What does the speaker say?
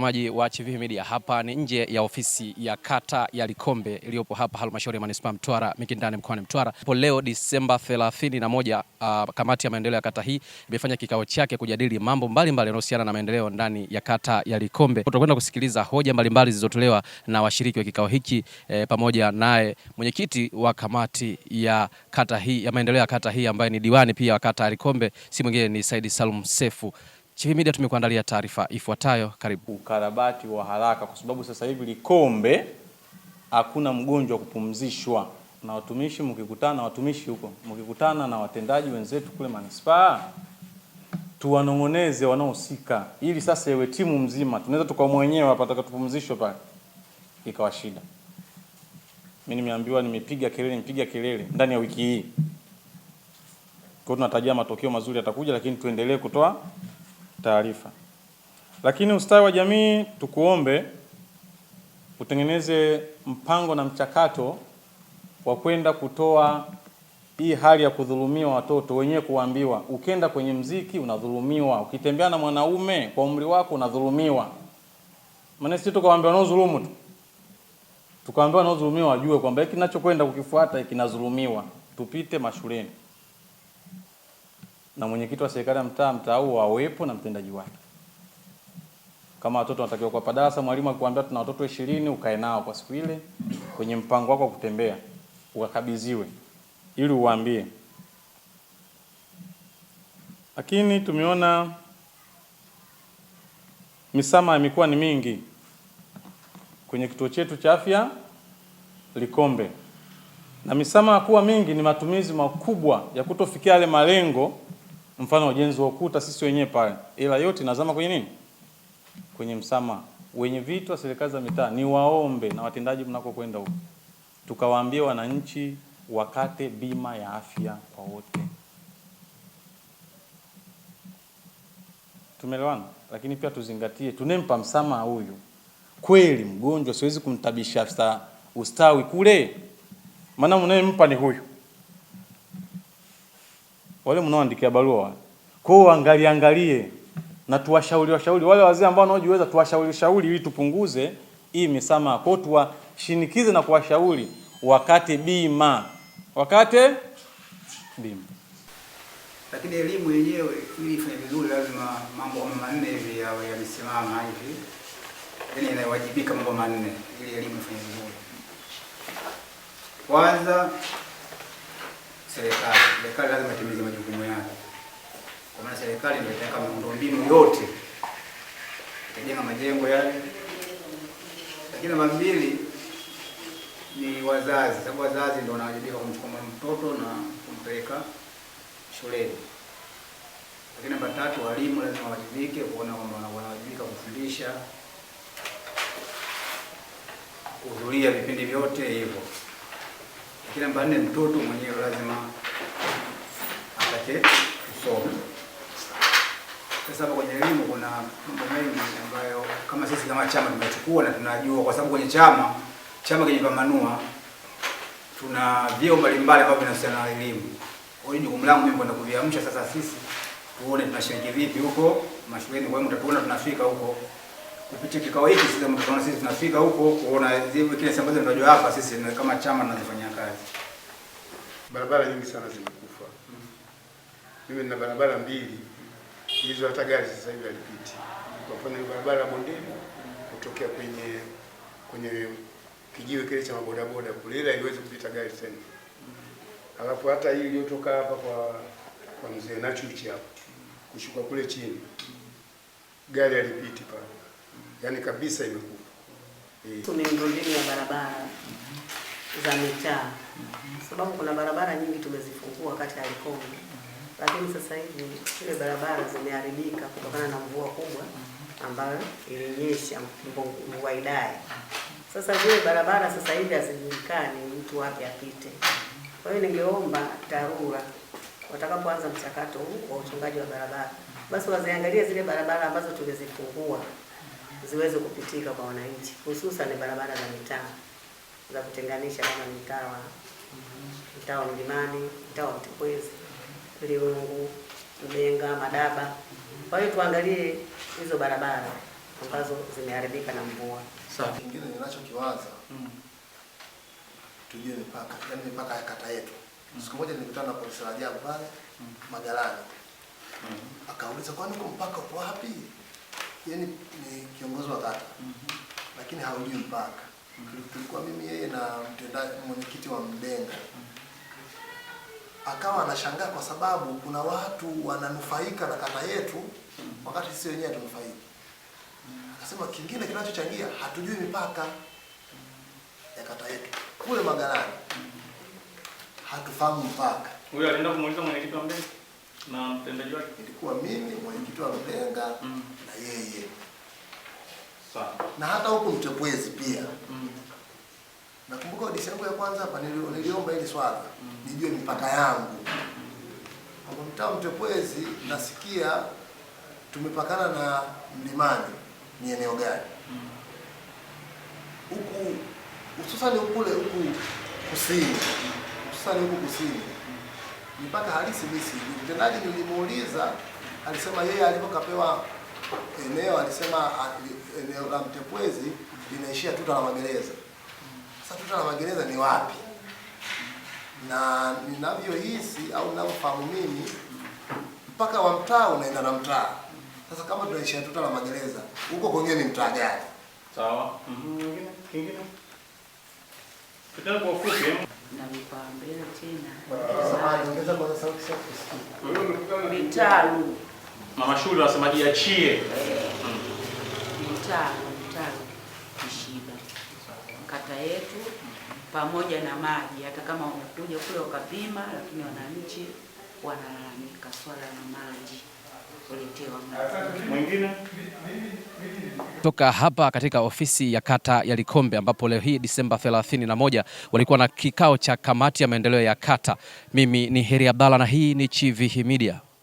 Maji wa Chivihi Media hapa ni nje ya ofisi ya kata ya Likombe iliyopo hapa halmashauri ya manispaa Mtwara Mikindani mkoani Mtwara. Hapo leo Disemba 31, uh, ah, kamati ya maendeleo ya kata hii imefanya kikao chake kujadili mambo mbalimbali yanayohusiana na maendeleo ndani ya kata ya Likombe. Tutakwenda kusikiliza hoja mbalimbali zilizotolewa na washiriki wa kikao hiki eh, pamoja naye mwenyekiti wa kamati ya kata hii ya maendeleo ya kata hii ambaye ni diwani pia wa kata ya Likombe, si mwingine ni Said Salum Sefu. Chivihi Media tumekuandalia taarifa ifuatayo, karibu. Ukarabati wa haraka kwa sababu sasa hivi Likombe hakuna mgonjwa kupumzishwa, na watumishi mkikutana na watumishi huko mkikutana na watendaji wenzetu kule manispaa tuwanong'oneze wanaohusika, ili sasa iwe timu mzima. Tunaweza tukawa mwenyewe hapa tupumzishwe pale ikawa shida. Mimi nimeambiwa nimepiga kelele, nimepiga kelele ndani ya wiki hii. Kwa hiyo tunatarajia matokeo mazuri yatakuja, lakini tuendelee kutoa taarifa. Lakini ustawi wa jamii, tukuombe utengeneze mpango na mchakato wa kwenda kutoa hii hali ya kudhulumiwa watoto wenyewe, kuambiwa ukenda kwenye mziki unadhulumiwa, ukitembea na mwanaume kwa umri wako unadhulumiwa. Maana sisi tukawaambia wanaodhulumu tu, tukawaambia wanaodhulumiwa wajue kwamba hiki kinachokwenda kukifuata kinadhulumiwa, tupite mashuleni na mwenyekiti wa serikali ya mtaa mtaa huo awepo na mtendaji wake. Kama watoto wanatakiwa kwa darasa, mwalimu akikwambia tuna watoto ishirini, ukae nao kwa siku ile kwenye mpango wako wa kutembea, ukakabidhiwe ili uwaambie. Lakini tumeona misama imekuwa ni mingi kwenye kituo chetu cha afya Likombe, na misama kuwa mingi ni matumizi makubwa ya kutofikia yale malengo mfano ujenzi wa ukuta sisi wenyewe pale, ila yote nazama kwenye nini? Kwenye msama. Wenye vitu wa serikali za mitaa ni waombe na watendaji mnakokwenda huko, tukawaambia wananchi wakate bima ya afya kwa wote. Tumeelewana, lakini pia tuzingatie, tunempa msamaha huyu kweli mgonjwa, siwezi kumtabisha ustawi kule, maana mnayempa ni huyu wale mnaoandikia barua. Kwa hiyo angalie angalie na tuwashauri washauri wale wazee ambao wanaojiweza, tuwashauri shauri ili tupunguze hii misamaha. Kwa hiyo tuwashinikize na kuwashauri wakate bima, wakate bima. Lakini elimu yenyewe ili ifanye vizuri, lazima mambo manne hivi yawe yamesimama hivi, yaani inawajibika mambo manne ili elimu ifanye vizuri. Kwanza serikali. Serikali lazima itimize majukumu yake, kwa maana serikali ndio itaweka miundombinu yote, itajenga majengo yale. Lakini namba mbili ni wazazi, sababu wazazi ndio wanawajibika kumchukua mtoto na kumpeleka shuleni. Lakini namba tatu, walimu lazima wawajibike kuona kwamba wanawajibika kufundisha, kuhudhuria vipindi vyote hivyo kila namba nne, mtoto mwenyewe lazima atake kusoma. Sasa hapa kwenye elimu kuna mambo mengi ambayo kama sisi kama chama tumechukua na tunajua, kwa sababu kwenye chama chama kenye pamanua tuna vyeo mbalimbali ambavyo vinahusiana na elimu. Kwa hiyo jukumu langu mimi kwenda kuviamsha sasa, sisi tuone tunashiriki vipi huko mashuleni. Kwa hiyo mtatuona tunafika huko kupitia kikao hiki sisi kama mkutano sisi tunafika huko kuona zile kile ambazo ndio hapa sisi kama chama tunazifanyia kazi. Barabara nyingi sana zimekufa. Mimi mm -hmm. nina barabara mbili hizo hata gari sasa hivi halipiti. Kwa mfano barabara bondeni kutokea kwenye kwenye kijiwe kile cha mabodaboda kule ile haiwezi kupita gari tena. Alafu hata hii iliyotoka hapa kwa kwa mzee Nachuchi hapo kushuka kule chini gari halipiti pale yani kabisa imekufa. Miundombinu ya barabara za mitaa, sababu kuna barabara nyingi tumezifungua kati ya Likonge, lakini sasa hivi zile barabara zimeharibika kutokana na mvua kubwa ambayo ilinyesha mvua idai. Sasa zile barabara sasa hivi hazijulikani mtu wapi apite. Kwa hiyo ningeomba TARURA watakapoanza mchakato huu wa uchungaji wa barabara, basi waziangalie zile barabara ambazo tulizifungua ziweze kupitika kwa wananchi, hususan barabara za mitaa za kutenganisha kama mtaa wa mtaa wa Mlimani, mtaa wa Mtekwezi, Liungu, Mbenga, Madaba. Kwa hiyo tuangalie hizo barabara ambazo zimeharibika na mvua. Sawa. Kingine ninachokiwaza mm. tujue mipaka, yaani mipaka ya kata yetu. Mm. Siku moja nilikutana na polisi wa ajabu pale mm. Magalani mm. akauliza, kwani uko mpaka uko wapi? yani ni kiongozi wa kata mm -hmm. lakini haujui mpaka mm -hmm. tulikuwa mimi yeye na mtendaji mwenyekiti wa Mdenga mm -hmm. akawa anashangaa kwa sababu kuna watu wananufaika na kata yetu mm -hmm. wakati sisi wenyewe tunufaiki mhm. akasema kingine kinachochangia hatujui mipaka mhm. ya kata yetu kule Magalani, mhm. hatufahamu mpaka. Huyo alienda kumuuliza mwenyekiti wa Mdenga na mtendaji wake ilikuwa mimi mwenyekiti wa Rubenga mm. na yeye na hata huku Mtepwezi pia mm. Nakumbuka audition yangu ya kwanza hapa niliomba hili swala mm. nijue mipaka yangu kwa mtaa Mtepwezi, nasikia tumepakana na Mlimani, ni eneo gani mm. huku, hususani kule huku kusini, hususani huku kusini mm mpaka halisi misi. Mtendaji nilimuuliza, alisema yeye alipokapewa eneo alisema eneo la Mtepwezi linaishia tuta la magereza. Sasa tuta la magereza ni wapi? Na ninavyohisi au ninavyofahamu mimi, mpaka wa mtaa unaenda na mtaa. Sasa kama tunaishia tuta la magereza, huko kwenye ni mtaa gani? Sawa. Mhm. Kingine? Kingine? Kitabu kwa na vipaumbele tena vitalu mama shule wasemaji achie vitalu vitalu Kishiba kata yetu pamoja na maji. Hata kama wamekuja kule wakapima, lakini wananchi wanalalamika swala la maji toka hapa katika ofisi ya kata ya Likombe ambapo leo hii Disemba 31 walikuwa na kikao cha kamati ya maendeleo ya kata. Mimi ni Heri Abdalla na hii ni Chivihi Media.